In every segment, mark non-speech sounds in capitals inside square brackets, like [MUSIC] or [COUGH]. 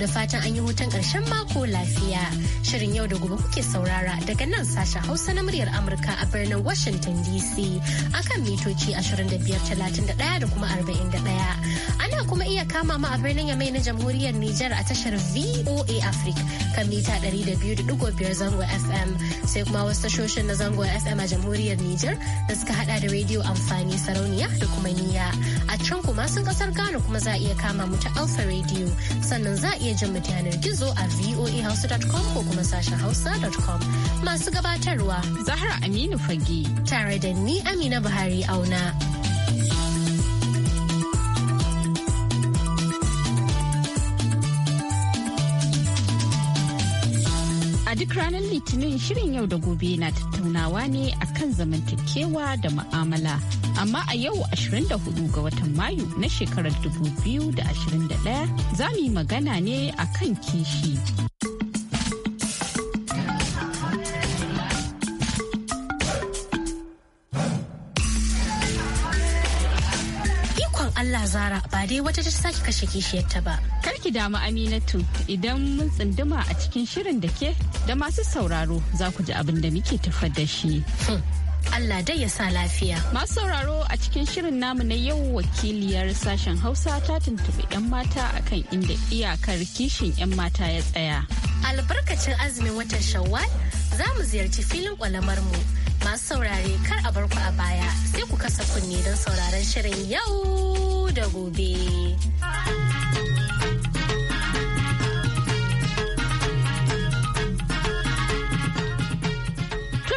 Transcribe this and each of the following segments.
da fatan an yi hutun ƙarshen mako lafiya. Shirin yau da gobe kuke saurara daga nan sashen Hausa na muryar Amurka a birnin Washington DC akan mitoci 31 da kuma 41. kuma iya kama mu a birnin Yamai na Jamhuriyar Nijar a tashar VOA Africa kan mita 200.5 zango FM sai kuma wasu tashoshin na zango FM a Jamhuriyar Nijar da suka hada da rediyo amfani sarauniya da kuma niya. A can kuma sun kasar Ghana kuma za a iya kama mu ta Alpha rediyo sannan za a iya jin mu yanar gizo a voahausa.com ko kuma sashen hausa.com masu gabatarwa Zahra Aminu Fage tare da ni Amina Buhari Auna. litinin shirin yau da gobe na tattaunawa ne akan zamantakewa da ma'amala. Amma a yau 24 ga watan Mayu na shekarar 2021 za mu yi magana ne akan kishi. tazara ba dai wata ta saki kashe kishiyarta ba. Kar ki damu Aminatu idan mun tsunduma a cikin shirin da ke da masu sauraro za ku ji abin da muke tafar da shi. Hmm. Allah dai ya sa lafiya. Masu sauraro a cikin shirin namu na yau wakiliyar sashen Hausa ta tuntuɓi 'yan mata akan inda iyakar kishin 'yan mata ya tsaya. Albarkacin azumin watan Shawwal za mu ziyarci filin mu Masu saurare kar a bar ku a baya sai ku kasa kunne don sauraron shirin yau da gobe.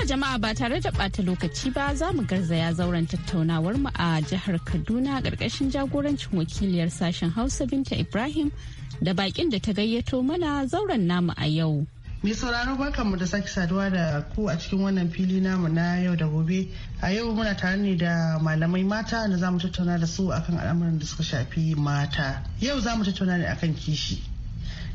jama'a ba tare da ɓata lokaci ba za mu garzaya zauren tattaunawar mu a jihar kaduna ƙarƙashin jagorancin wakiliyar sashen hausa binta ibrahim da baƙin da ta gayyato mana zauren namu a yau Mai sauraro mu da sake saduwa da ku a cikin wannan fili namu na yau da gobe. A yau muna tare ne da malamai mata da zamu tattauna da su akan al'amuran da suka shafi mata. Yau zamu tattauna ne akan kishi.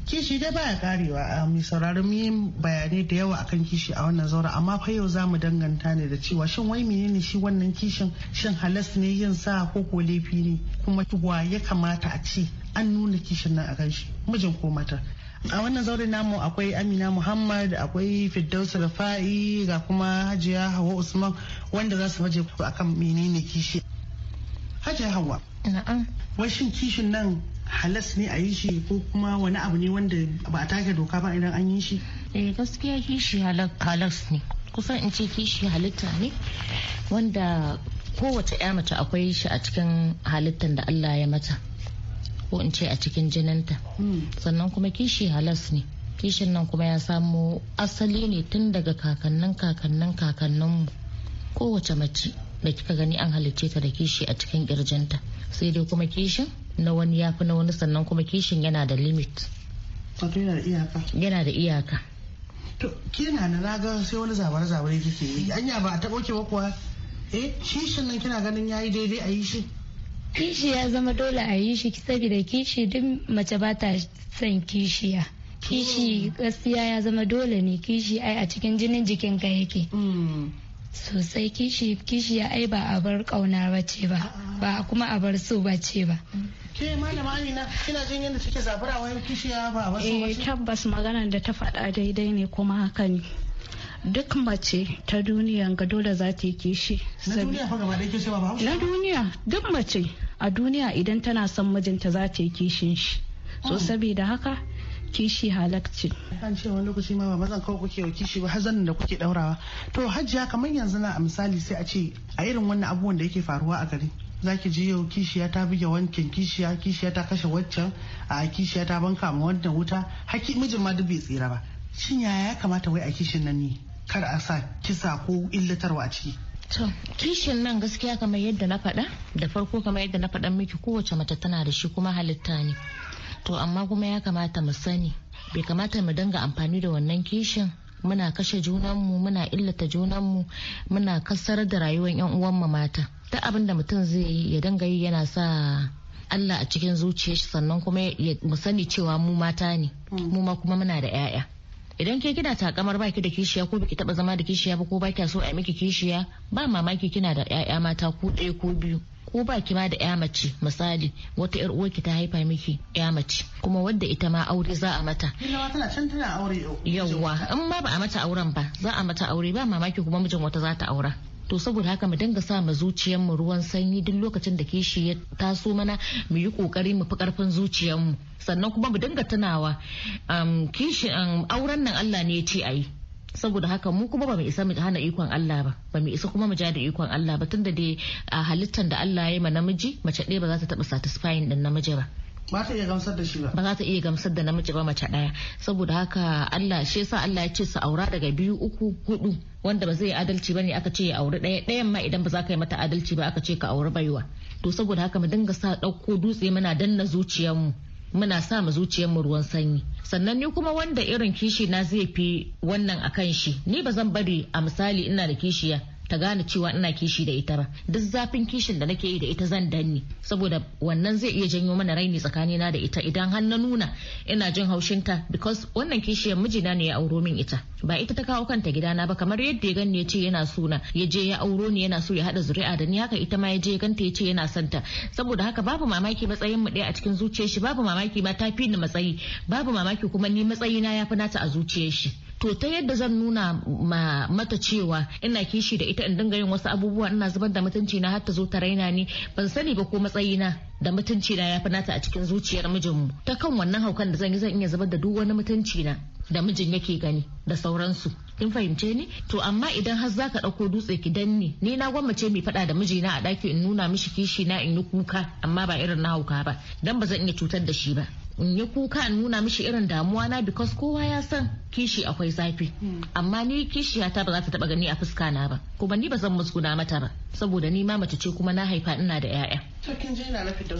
kishi dai baya karewa a mai sauraron mu bayanai da yawa akan kishi a wannan zaura amma fa yau zamu danganta ne da cewa shin wai menene shi wannan kishin shin halas ne yin sa ko ko laifi ne kuma wa ya kamata a ce an nuna kishin nan a kan shi mijin ko mata a wannan zauren namu akwai amina muhammad akwai firdaus rafa'i ga kuma hajiya hawa usman wanda za su maje akan menene kishi hajiya hawa na'am washin kishin nan halas ne a yi shi ko kuma wani abu ne wanda ba a take doka ba idan an yi shi eh gaskiya kishi halas ne kusan in ce kishi halitta ne wanda kowace 'ya mace akwai shi a cikin halittar da Allah ya mata ko in ce a cikin jininta hmm. sannan kuma kishi halas ne kishin nan kuma ya samo asali ne tun daga kakannin kakannin kakanninmu kowace mace da kika gani an halicce ta da kishi a cikin kirjinta sai dai kuma kishin na wani ya fi na wani sannan kuma kishin yana da limit yana da iyaka to kina da na ga sai wani zabare zabare kike yi anya ba a taɓa kewa kuwa eh kishin nan kina ganin yayi daidai a yi shi kishi ya zama dole a yi shi saboda kishi duk mace ba ta son kishiya kishi gaskiya ya zama dole ne kishi ai a cikin jinin jikinka yake hmm. sosai kishi kishi ya ai ba a bar kauna ba ce ba ba kuma a bar so ba ce ba ke malama amina kina jin yadda suke zafara wani kishiya ba a wasu eh, tabbas maganar da ta faɗa daidai ne kuma haka ne duk mace ta duniya ga dole za ta yi kishi na duniya duk mace a duniya idan tana son mijinta za ta yi kishin shi so hmm. saboda haka kishi halakci. Kan ce wani lokaci ma ba mazan kawai kuke wa kishi ba hazanin da kuke daurawa. To hajjiya kamar yanzu na a misali sai a ce a irin wannan abubuwan da yake faruwa a gari. za ki ji yau kishiya ta buge wankin kishiya kishiya ta kashe waccan a kishiya ta banka ma wannan wuta haki mijin ma duk bai tsira ba shin yaya ya kamata wai a kishin nan ne kar a sa kisa ko illatarwa a ciki To, kishin nan gaskiya kamar yadda na faɗa, da farko kamar yadda na faɗa miki kowace mace tana da shi kuma halitta ne. To, amma kuma ya kamata mu sani, bai kamata mu dinga amfani da wannan kishin muna kashe junanmu, muna illata junanmu, muna kasar da rayuwar 'yan uwanmu mata. Ta abin da mutum zai yi ya dinga yi yana sa Allah a cikin zuciyarsa sannan kuma mu sani cewa mu mata ne, mm. mu ma kuma muna da 'ya'ya. idan ke kina takamar baki da kishiya ko biki taba zama da kishiya ba ko baki so a miki kishiya ba mamaki kina da ƴaƴa mata ko ɗaya ko biyu ko ba ma da ƴa mace misali wata ƴar uwarki ta haifa miki ƴa mace kuma wadda ita ma aure za a mata yawwa in ma ba a mata auren ba za a mata aure ba mamaki kuma mijin wata za ta aura to saboda haka mu dinga sa ma zuciyar mu ruwan sanyi duk lokacin da kishi ya taso mana mu yi kokari mu fi karfin zuciyar mu sannan kuma mu dinga tunawa um, kishi um, auren nan Allah ne ya ce ayi saboda haka mu kuma ba mu isa mu hana ikon Allah ba ba mu isa kuma mu ja da ikon Allah ba tunda dai a halittar da Allah ya yi ma namiji mace ɗaya ba za ta taɓa satisfying ɗin namiji ba ba ta iya gamsar da shi ba ba za ta iya gamsar da namiji ba mace daya saboda haka Allah shi yasa Allah ya ce su aura daga biyu uku hudu wanda ba zai adalci bane aka ce ya auri daya dayan ma idan ba za ka yi mata adalci ba aka ce ka auri baiwa to saboda haka mu dinga sa dauko dutse muna danna zuciyarmu muna sa mu zuciyarmu ruwan sanyi sannan ni kuma wanda irin kishi na zai fi wannan akan shi ni ba zan bari a misali ina da kishiya ta gane cewa ina kishi da ita ba duk zafin kishin da nake yi da ita zan danne saboda wannan zai iya janyo mana raini tsakanina da ita idan har na nuna ina jin haushin ta because wannan kishiyar mijina ne ya auro min ita ba ita ta kawo kanta gidana ba kamar yadda ya gani ya ce yana suna ya je ya auro ni yana so ya hada zuri'a da ni haka ita ma ya je ya ganta ya ce yana son ta saboda haka babu mamaki matsayin mu ɗaya a cikin zuciyar shi babu mamaki ma ta fi ni matsayi babu mamaki kuma ni matsayina ya fi nata a zuciyar shi to ta yadda zan nuna ma mata cewa ina kishi da ita in dinga yin wasu abubuwa ina zubar da mutunci na har ta zo ta raina ni ban sani ba ko matsayi na da mutunci na ya nata a cikin zuciyar mijinmu ta kan wannan haukan da zan yi zan iya zubar da duk wani mutunci na da mijin yake gani da sauransu kin fahimce ni to amma idan har zaka dauko dutse ki danne ni na gwammace mai faɗa da mijina a daki in nuna mishi kishi na in yi kuka amma ba irin na hauka ba dan ba zan iya cutar da shi ba in yi kuka nuna mishi irin damuwa na because kowa ya san kishi akwai zafi hmm. amma ni kishi ta ba za ta taba gani a fuska na ba kuma ni ba zan musguna mata ba saboda ni ma ce kuma na haifa ina da 'ya'ya. na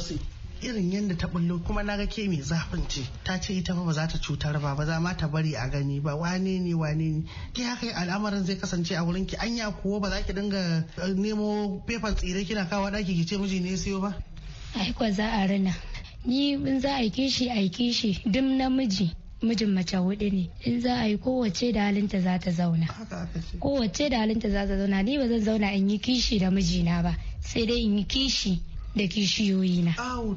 irin yadda ta bullo kuma na ga ke mai zafin ce ta ce ita ba za ta cutar ba ba za ma ta bari a gani ba wane ne wane ne ki haka al'amarin zai kasance a wurin ki anya kuwa ba za ki dinga eh, nemo fefan tsire kina kawo daki ki ce miji ne siyo ba ai za a rina ni in za a yi kishi a yi kishi dim namiji mijin mace hudu ne in za a yi kowace da halinta za ta zauna kowace da halinta za ta zauna ni ba zan zauna in yi kishi da mijina ba sai dai in yi kishi da kishiyoyi na.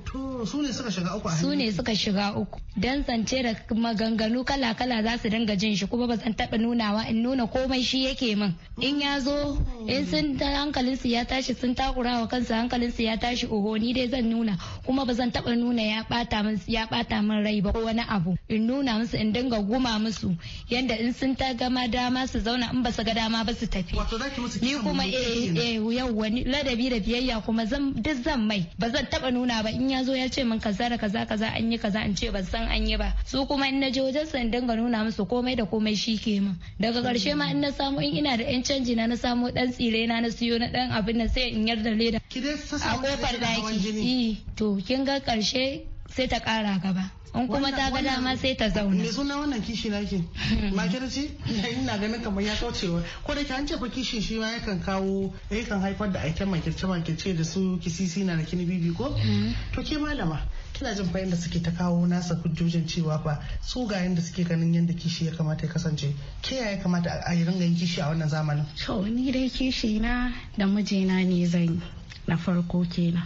to su ne suka shiga uku a Su ne suka shiga uku. Dan zance da maganganu kala-kala za su dinga jin shi kuma ba zan taɓa nunawa in nuna komai shi yake min. In ya zo in sun hankalinsu ya tashi sun takura wa kansu hankalinsu ya tashi oho ni dai zan nuna kuma ba zan taɓa nuna ya ɓata min ya ɓata min rai ba ko wani abu. In nuna musu in dinga guma musu yanda in sun ta gama dama su zauna in ba su ga dama ba su tafi. Wato Ni kuma eh eh wani ladabi da biyayya kuma duk zan kan mai ba zan taba nuna ba in ya zo ya ce min kaza da kaza kaza an yi kaza in ce ban san an yi ba su kuma in na je wajen su danga dinga nuna musu komai da komai shi ke min daga karshe ma in na samu in ina da yan canji na na samu dan tsire na na siyo na dan abin na sai in yarda leda a kofar daki eh, to kin ga karshe sai ta kara gaba in kuma ta ga dama sai ta zauna me suna wannan kishi na ke [LAUGHS] matar ce ina ganin kamar ya kaucewa ko da ke an ce fa kishi shi ma yakan kawo yakan haifar da aikin makirce makirce da su kisisi na da kini bibi ko hmm. to ke malama kina jin fa'in da suke ta kawo nasa hujjojin cewa fa su ga yanda suke ganin yanda kishi ya kamata ya kasance ke ya kamata a yi ringa kishi a wannan zamanin to ni dai kishi na da mijina ne zan yi na farko kenan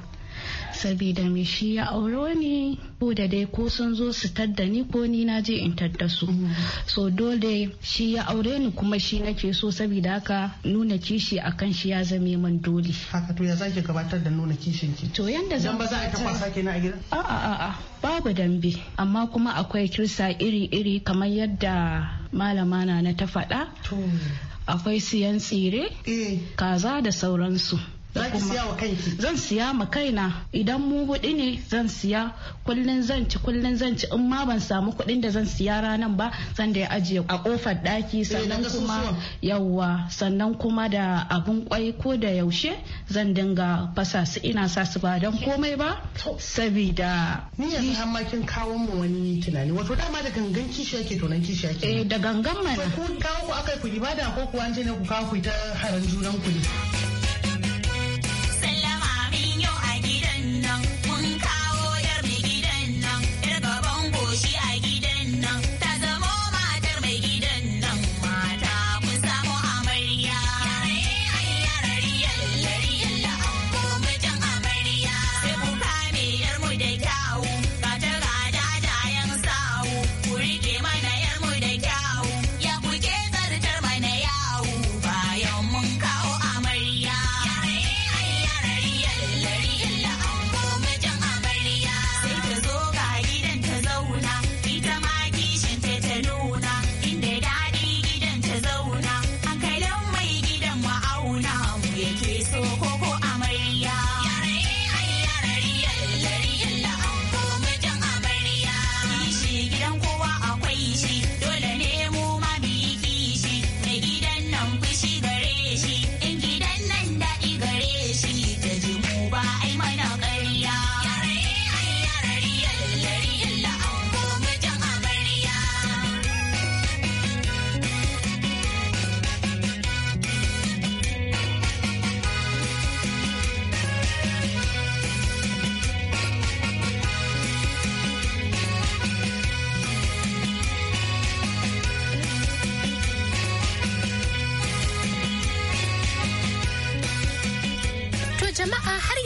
sabida me shi ya auro ni ko da dai ko sun zo su tadda ni ko ni na je in tadda su mm. so dole shi ya aure ni kuma shi nake so sabida haka nuna kishi akan shi ya zame min dole haka to ya zaki gabatar da nuna kishin ki to yanda zan ba za a taba sake na a gida a a a babu dambe amma kuma akwai kirsa iri-iri kamar yadda malama na ta faɗa akwai siyan tsire eh. kaza da sauransu Zaki siya wa kanki? Zan siya ma kaina idan mu hudu ne zan siya kullun zan ci kullun zan ci in ma ban samu kuɗin da zan siya ranan ba zan da ya ajiye a kofar ɗaki eh, sannan kuma yawwa sannan kuma da abun kwai ko da yaushe zan dinga fasa su ina sa su ba don komai ba sabida. Ni yanzu har ma kin kawo mu wani tunani wato dama da gangan kishi yake tonan kishi yake. Eh da gangan mana. Ko kawo ku akai yi ku ibada ko kuwa an ne ku kawo ku ta haran junan ku ne.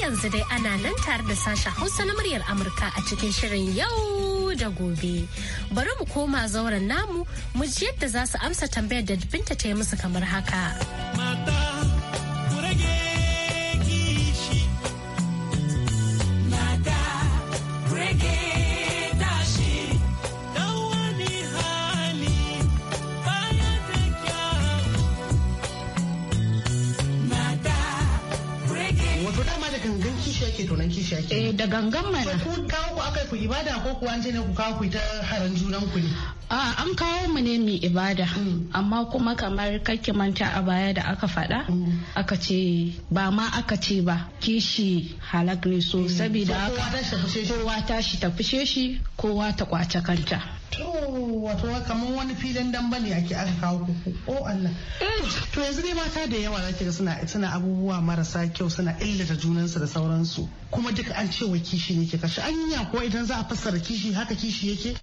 yanzu dai ana nan tare da sashen Hausa na muryar Amurka a cikin shirin yau da gobe. Bari mu koma zauren namu mu ji yadda za su amsa tambayar da binta ta yi musu kamar haka. gangan mana ku kawo ku akai ku ibada ko kuwa an ce ne ku kawo ku ta haran junan ku ne a an kawo mu ne mu ibada mm. amma kuma kamar kake manta a baya da aka faɗa mm. aka ce ba ma aka ce ba kishi halak ne so mm. saboda kowa ta shi fushe shi kowa ta kwace kanta to wato kamar wani filin dambe ne ake aka kawo kuku o Allah mm. to yanzu dai mata da yawa zaki ga suna suna abubuwa marasa kyau suna illata junansu da sauransu kuma duka an ce wa kishi ne ke anya ko idan za a fassara kishi haka kishi yake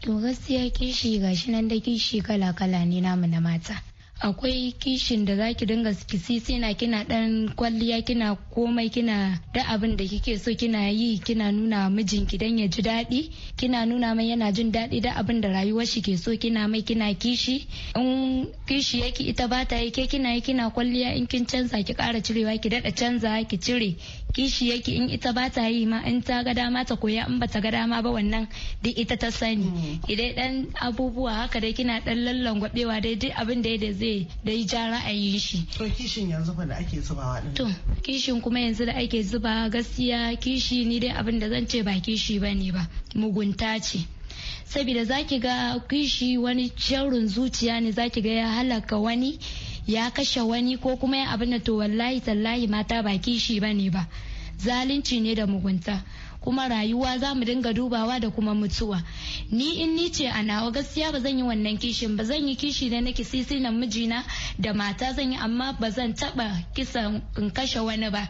to gaskiya kishi gashi nan da kishi kala kala ne namu na mata akwai kishin da zaki dinga kisisi na kina dan kwalliya kina komai kina da abin da kike so kina yi kina nuna mijinki dan ya ji daɗi kina nuna mai yana jin daɗi da abin da rayuwar shi ke so kina mai kina kishi in kishi yake ita bata ta kina yi kina kwalliya in kin canza ki kara cirewa ki dada canza ki cire kishi yake in ita ba ta yi ma in ta ga dama ta koya in ba ta ga dama ba wannan duk ita ta sani mm. idan dan abubuwa haka dai kina dan lallan gwabewa dai duk abin da da zai dai ja ra'ayin shi to kishin yanzu fa da ake zubawa din to kishin kuma yanzu da ake zuba gaskiya kishi ni dai abin da zan ce ba kishi bane ba mugunta ce saboda zaki ga kishi wani sharrin zuciya ne zaki ga ya halaka wani ya kashe wani ko kuma ya abin to wallahi tallahi mata ba kishi ba ne ba zalunci ne da mugunta kuma rayuwa za mu dinga dubawa da kuma mutuwa ni in ni ce a nawa gaskiya ba zan yi wannan kishin ba zan yi kishi da na kisisi na mijina da mata zan yi amma ba zan taba kisan in kashe wani ba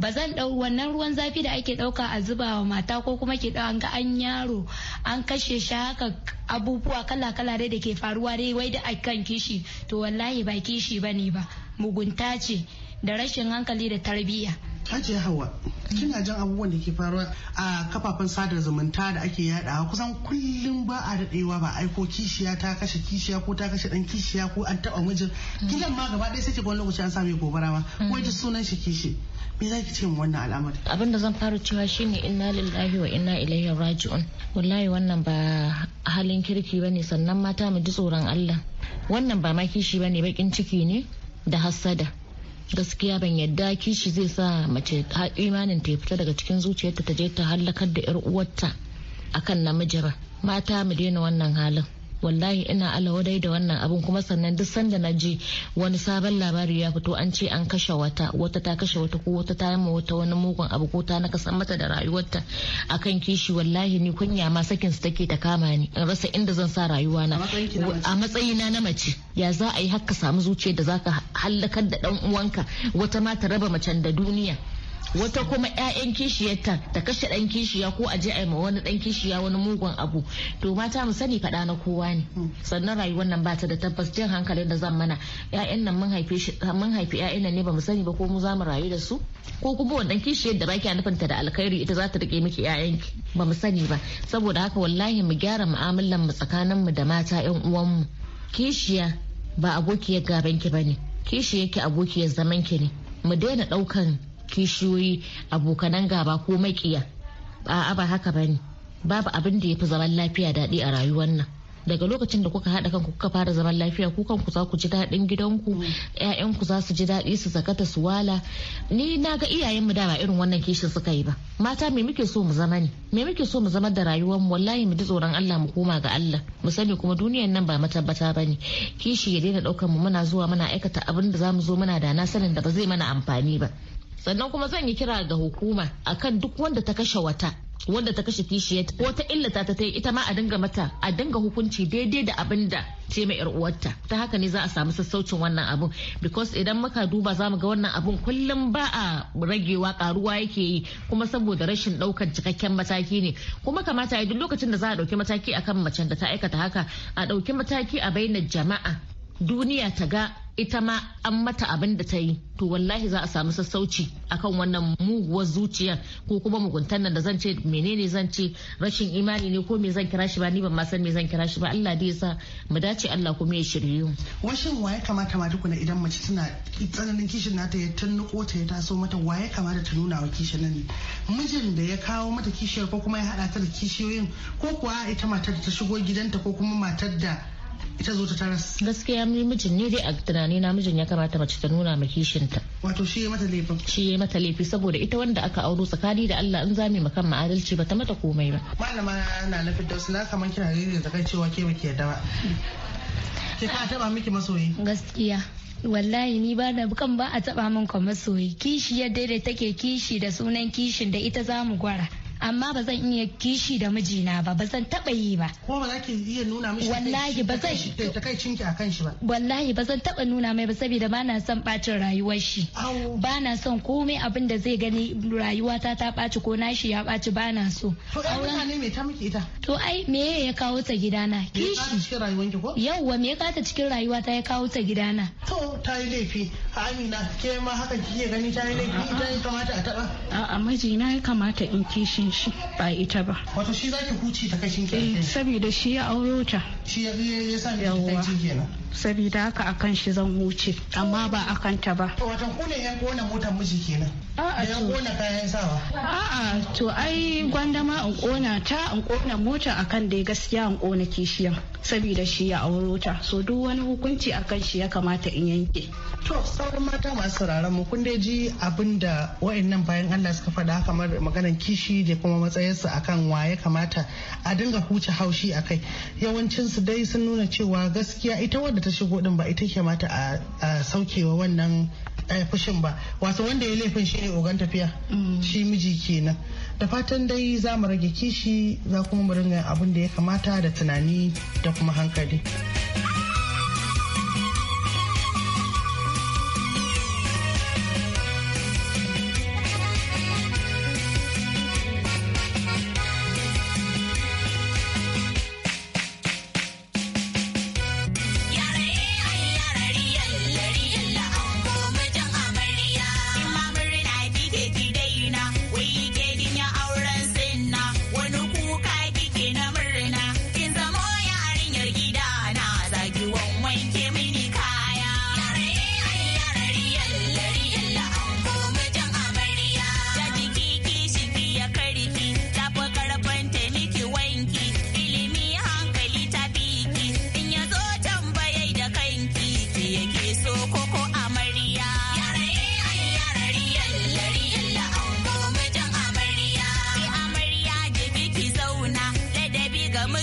ba zan dau wannan ruwan zafi da ake dauka a zuba wa mata ko kuma ke dau an ga an yaro an kashe shi haka abubuwa kala kala dai da ke faruwa dai wai da kan kishi to wallahi ba kishi bane ba mugunta ce da rashin hankali da tarbiyya Hajiya Hawa, kina jin abubuwan da ke faruwa a kafafen sadar zumunta da ake yadawa kusan kullum ba a daɗewa ba aiko kishiya ta kashe kishiya ko ta kashe ɗan kishiya ko an taɓa mijin. Gidan ma gaba ɗaya sai wani lokaci an sami gobara ma ko ji sunan shi kishi. Me za ki ce mu wannan al'amari? Abin da zan fara cewa shine inna lillahi wa inna ilaihi raji'un. Wallahi wannan ba halin kirki bane sannan mata mu ji tsoron Allah. Wannan ba ma kishi bane bakin ciki ne da hassada. gaskiya ban yadda kishi zai sa mace imanin ta fita daga cikin zuciyarta ta je ta hallakar da 'yar uwarta akan namiji ba mata mu daina wannan halin wallahi ina alawadai da wannan abin kuma sannan duk sanda na ji wani sabon labari ya fito an ce an kashe wata wata ta kashe wata ko wata ta yamma wata wani mugun abu ko ta naka san mata da rayuwarta akan kishi wallahi ni kunya ma sakin su take ta kama ni in rasa inda zan sa rayuwa na a matsayina na mace ya za a yi haka samu zuciya da zaka hallakar da dan uwanka wata ma ta raba macen da duniya wata kuma 'ya'yan kishiyarta ta kashe ɗan kishiya ko a je a yi ma wani dan kishiya wani mugun abu to mata mu sani faɗa na kowa ne hmm. sannan rayuwar nan ba ta da tabbas jin hankalin da zan mana 'ya'yan nan mun haife mun haifi 'ya'yan nan ne ba mu sani ba ko mu za mu rayu da su ko kuma wannan kishiyar da baki nufin ta da alkhairi ita za ta rike miki 'ya'yanki ba mu sani ba saboda haka wallahi mu gyara mu'amalan mu tsakanin mu da mata 'yan mu. kishiya ba abokiyar gaban ki bane kishiyar ki abokiyar zaman ki ne mu daina daukan kishiyoyi abokanan gaba ko makiya a'a ba haka ba bane babu abin da ya fi zaman lafiya daɗi a rayuwar nan daga lokacin da kuka haɗa kanku kuka fara zaman lafiya ku kanku za ku ji daɗin gidanku mm. ƴaƴanku za su ji daɗi su zakata su wala ni na ga iyayenmu da ba irin wannan kishin suka yi ba mata me muke so mu zama ne me muke so mu zama da rayuwar mu wallahi mu ji tsoron Allah mu koma ga Allah mu sani kuma duniyar nan ba matabbata ne kishi ya daina ɗaukar mu muna zuwa muna aikata abin da zamu zo muna da na sanin da ba zai mana amfani ba sannan kuma zan yi kira ga hukuma akan duk wanda ta kashe wata wanda ta kashe kishiyar ko ta illata ta ta ita ma a dinga mata a dinga hukunci daidai da abin da ce mai uwarta ta haka ne za a samu sassaucin wannan abun because idan muka duba za mu ga wannan abun kullum ba a ragewa karuwa yake yi kuma saboda rashin daukar cikakken mataki ne kuma kamata yi duk lokacin da za a dauki mataki akan macen da ta aikata haka a dauki mataki a bainar jama'a duniya ta ga ita ma an mata abin da ta yi to wallahi za a samu sassauci akan wannan muguwar zuciyar ko kuma muguntar nan da zan ce menene zan ce rashin imani ne ko me zan kira shi ba ni ban ma san me zan kira shi ba Allah dai yasa mu dace Allah kuma ya shirye mu washin waye kamata ma na idan mace tana tsananin kishin nata ya tunnuko ta ya taso mata waye kamata ta nuna wa kishin nan mijin da ya kawo mata kishiyar ko kuma ya hada ta da kishiyoyin ko kuwa ita matar da ta shigo gidanta ko kuma matar da ita zo ta taras gaskiya mijin ne dai a tunani na mijin ya kamata mace ta nuna ma kishinta wato shi ya mata laifin shi ya mata laifi saboda ita wanda aka auro tsakani da Allah in mu makan ma'adalci ba ta mata komai ba malama na nafi da na kaman kina ne da kai cewa ke muke yadda ba ke ka taba miki masoyi gaskiya wallahi ni ba da bukan ba a taba min kwa masoyi kishi yadda da take kishi da sunan kishin da ita za mu gwara amma ba zan iya kishi da mijina ba ba zan taba yi ba ko ba za ki iya nuna mishi wallahi ba zai. kai cinki akan shi ba wallahi ba zan taba nuna mai ba saboda ba na son bacin rayuwar shi ba na son komai abin da zai gani rayuwata ta baci ko nashi ya baci ba na so to ai mutane me ta miki ita to ai me ya kawo ta gidana kishi cikin yauwa me ya kawo ta cikin rayuwa ta ya kawo ta gidana to ta yi laifi amina ke ma haka kike gani ta yi laifi ta ya kamata a taba a'a mijina ya kamata in kishi shi ba ita ba wato shi zaki huce ta kashin ki eh, saboda shi ya auro ta shi ya ya sa miki ci kenan sabida haka akan shi zan huce amma ba kan ta ba wato kuna ya kona motar miji kenan da yan kona kayan sawa a'a to ai gwanda ma in kona ta in kona mota akan dai gaskiya in kona kishiyan sabida shi ya auro ta so duk wani hukunci akan shi ya kamata in yanke to sauran mata masu sauraron mu kun dai ji abin da wa'annan bayan Allah suka faɗa kamar maganar kishi da kuma matsayinsu akan waye kamata a dinga huce haushi akai yawancin su dai sun nuna cewa gaskiya ita wadda ta shigo din ba ita ke mata a saukewa wannan eh, fushin ba wasu wanda ya laifin shi ne ogan tafiya mm. shi miji kenan da fatan dai za mu rage kishi za kuma mu ringa abin da ya kamata da tunani da kuma hankali.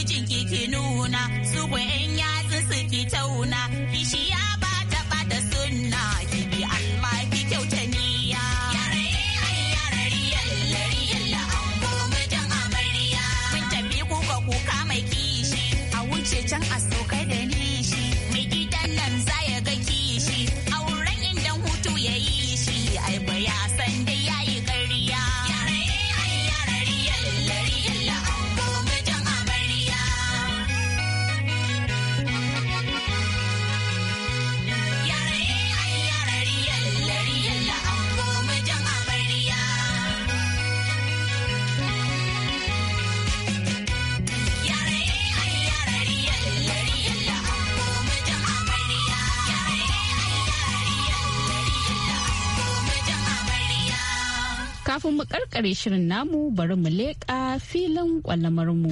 mijin kiki nuna su 'yan yatsu su ki tauna kishiya ba ta da sunna kafin mu karkare shirin namu bari mu leƙa filin kwalamarmu.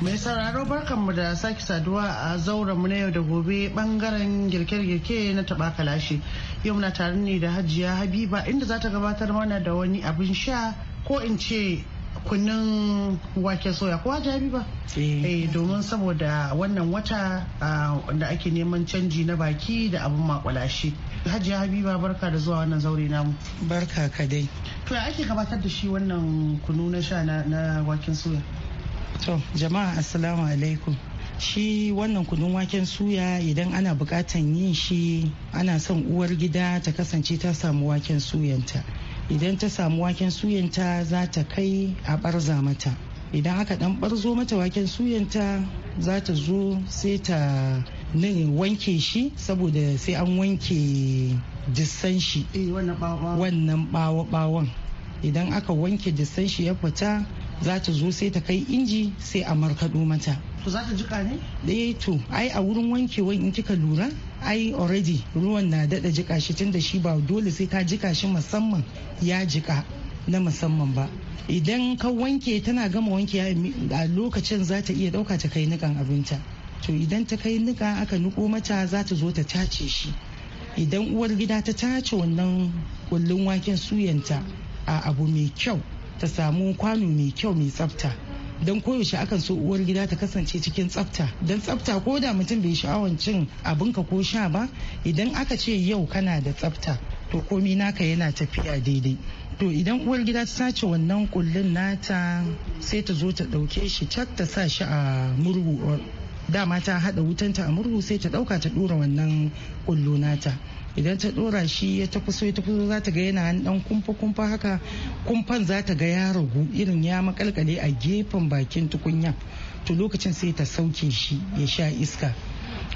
Mai sauraro mu da sake saduwa a zauren mu na yau da gobe bangaren girke-girke na taɓa kalashi. Yau na tare ne da Hajiya Habiba inda za ta gabatar mana da wani abin sha ko in ce kunnen wake soya ko jabi ba eh. eh domin saboda wannan wata ah, da ake neman canji na baki da abin makwalashi hajiya habiba barka da zuwa wannan zaure namu barka ka dai to ya ake gabatar da shi wannan kunu na sha na waken soya to jama'a assalamu alaikum shi wannan kunun waken suya idan ana bukatan yin shi ana son uwar gida ta kasance ta samu waken suyanta idan ta samu waken suyanta za ta kai a barza mata idan aka dan barzo mata waken suyanta za ta zo sai ta wanke shi saboda sai an wanke dissan shi eh, wannan bawon idan aka wanke dissan shi ya fita za ta zo sai ta kai inji sai a markaɗo mata to za ta jika ne? ɗaya eh to ai a wurin wankewa in kika lura ai already ruwan na daɗe jika shi tun da shi ba dole sai ka jika shi musamman ya jika na musamman ba idan ka wanke tana gama wanke a lokacin za ta iya ɗauka ta kai nikan abinta to idan ta kai nika aka niko mata za ta zo ta tace shi idan uwar gida ta tace wannan kullun waken suyanta a abu mai kyau ta samu kwano mai kyau mai tsafta don koyaushe akan so uwar gida ta kasance cikin tsafta don tsafta ko da mutum bai sha'awan cin ka ko sha ba idan aka ce yau kana da tsafta to komi naka yana tafiya daidai to idan uwar gida ta sace wannan kullun nata sai ta zo ta dauke shi cak ta sa shi a murhu dama ta hada wutanta a murhu sai ta dauka ta dora wannan kullu nata idan ta dora shi ya ta kuso ta kuso za ta ga yana dan kumfa kumfa haka kumfan za ta ga ya ragu irin ya makalkale a gefen bakin tukunya to lokacin sai ta sauke shi ya sha iska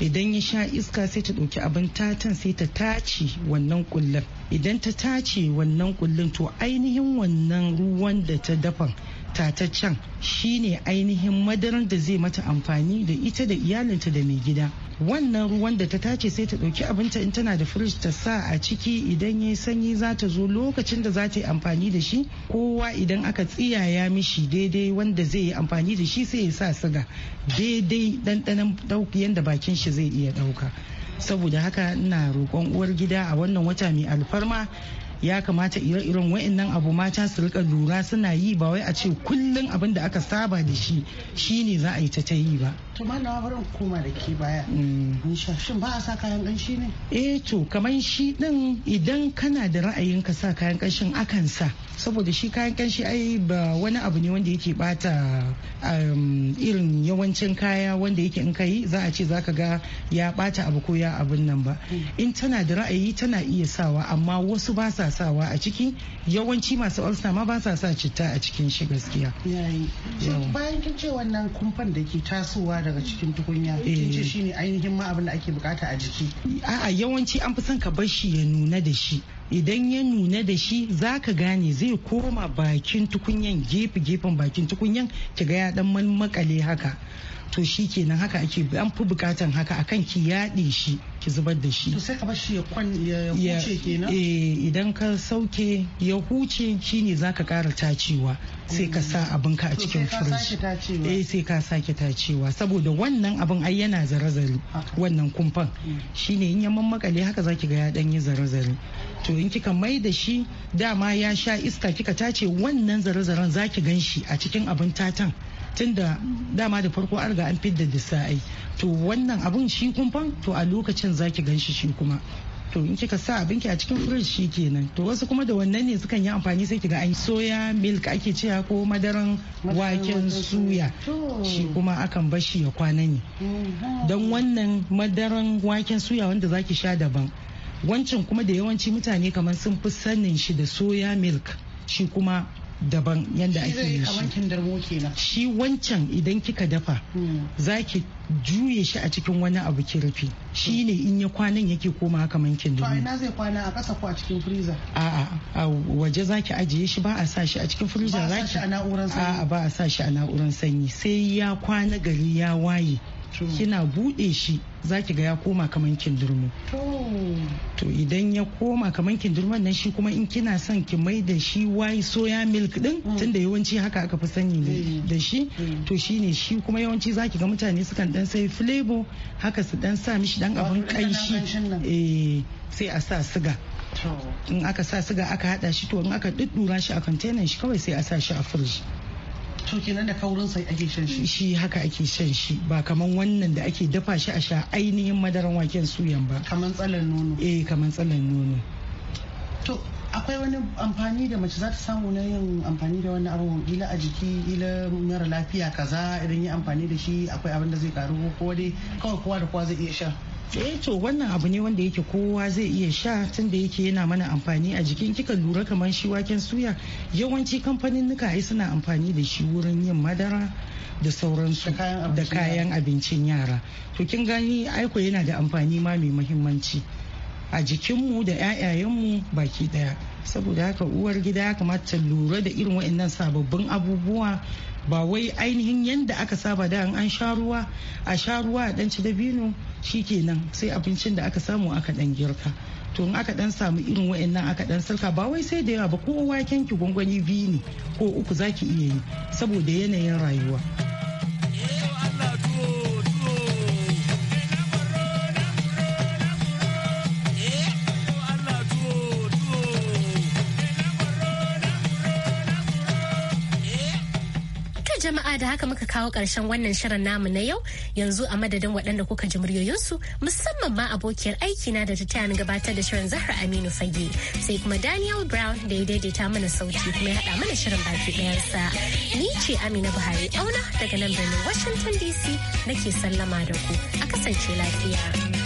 idan ya sha iska sai ta ɗauki abin tatan sai ta tace wannan kullum idan ta tace wannan kullun to ainihin wannan ruwan da ta dafa tataccen shine ainihin madarar da zai mata amfani da ita da iyalinta da mai gida wannan ruwan da ta tace sai ta ɗauki abinta in tana da firij ta sa a ciki idan ya sanyi za ta zo lokacin da za ta yi amfani da shi kowa idan aka tsiyaya mishi daidai wanda zai yi amfani da shi sai ya sa siga daidai ɗanɗanon yadda bakin shi zai iya ɗauka saboda haka ina roƙon uwar gida a wannan wata mai alfarma ya kamata ire-iren wa'annan abu mata su rika lura suna yi ba wai a ce kullum abin da aka saba da shi shine za a yi ta ta yi ba to na barin koma da ke baya mm. shin ba a sa kayan ƙanshi ne eh to kamar shi din idan kana da ra'ayin ka sa kayan ƙanshin akan sa saboda shi kayan kanshi ai ba wani abu ne wanda yake bata um, irin yawancin kaya wanda yake in kai za a ce za ka ga ya bata abu ko ya abin nan ba mm. in tana da ra'ayi tana iya sawa amma wasu ba sa sawa a ciki yawanci masu ulcer ma ba sa sa citta a cikin shi gaskiya bayan kin ce wannan kumfan da ke tasowa daga cikin tukunya kin eh. ce shine ainihin ma abin da ake bukata a jiki a'a yawanci an fi son ka bar shi ya nuna da shi idan ya nuna da shi za ka gane zai koma bakin tukunyan gefe gefen bakin tukunyan kiga ya dan makale haka to shi kenan haka ake an fi bukatan haka akan ki yaɗe shi ki zubar da shi to sai ka bar shi ya huce kenan eh idan ka sauke ya huce shine ka kara tacewa sai ka sa abinka a cikin firij eh sai ka sake tacewa saboda wannan abin ai yana zare-zare wannan kumfan mm. shine in ya mammakale haka zaki ga ya dan yi zare-zare to in kika mai da shi dama ya sha iska kika tace wannan zare-zaren zaki gan shi a cikin abin tatan tunda dama da farko arga riga an fidda da sa'ai to wannan abun shi kumfan to a lokacin zaki gan shi shi kuma to in kika sa abinki a cikin firij shi kenan to wasu kuma da wannan ne sukan yi amfani sai kiga an soya milk ake cewa ko madaran waken suya shi kuma akan bashi ya kwana ne don wannan madaran waken suya wanda zaki sha daban wancan kuma da yawanci mutane kamar sun fi sanin shi da soya milk shi kuma daban yadda ake yi shi shi wancan idan kika dafa hmm. za ki juye shi a cikin wani abu ki rufe shi ne in ya kwanan yake koma kamar mankin dubu ina zai kwana a ƙasa ko a cikin freezer a a waje za ki ajiye shi ba a sa shi a cikin freezer za ki a ba a sa shi a na'urar sanyi sai ya kwana gari ya waye kina buɗe shi zaki ga ya koma kaman kindurmo to idan ya koma kaman kindurmon nan shi kuma in kina son ki mai da shi wai soya milk din mm. tunda yawanci haka aka fi sani mm. da shi mm. to shine shi kuma yawanci zaki ga mutane sukan dan sai flavor haka su dan sa mishi dan abun kaishi eh sai a sa siga in aka sa siga aka hada shi to in aka duddura shi a container shi kawai sai a sa shi a firiji to kenan da kaurin sai ake shan shi shi haka ake shan shi ba kaman wannan da ake dafa shi a sha ainihin madaran waken suyan ba kaman tsalan nono eh kaman tsalan nono to akwai wani amfani da mace za ta samu na yin amfani da wani abu ila a jiki ila mara lafiya kaza idan yi amfani da shi akwai abin da zai karu ko dai kawai kowa da kowa zai iya sha eh to wannan abu ne wanda yake kowa zai iya sha tunda yake yana mana amfani a jikin kika lura kamar shi waken suya yawanci kamfanin nuka ai suna amfani da shi wurin yin madara da sauransu da kayan abincin yara to kin gani aiko yana da amfani ma mai muhimmanci a jikinmu da 'ya'yayenmu baki daya saboda haka uwar gida ya kamata lura da irin waɗannan sababbin abubuwa ba wai ainihin yadda aka saba da an sha ruwa a sha ruwa a ɗanci dabino shi kenan sai abincin da aka samu aka dan girka to in aka dan samu irin wa'annan aka dan sarka ba wai sai da yawa ba ko waken ki gwangwani biyu ne ko uku zaki iya yi saboda yanayin rayuwa. jama'a da haka muka kawo ƙarshen wannan shirin namu na yau yanzu a madadin waɗanda kuka ji muryoyinsu musamman ma abokiyar aikina da ta taya ni gabatar da shirin Zahra Aminu Fage sai kuma Daniel Brown da ya daidaita mana sauti kuma ya haɗa mana shirin baki ɗayansa. Ni ce Amina Buhari auna daga nan birnin Washington DC nake sallama da ku a kasance lafiya.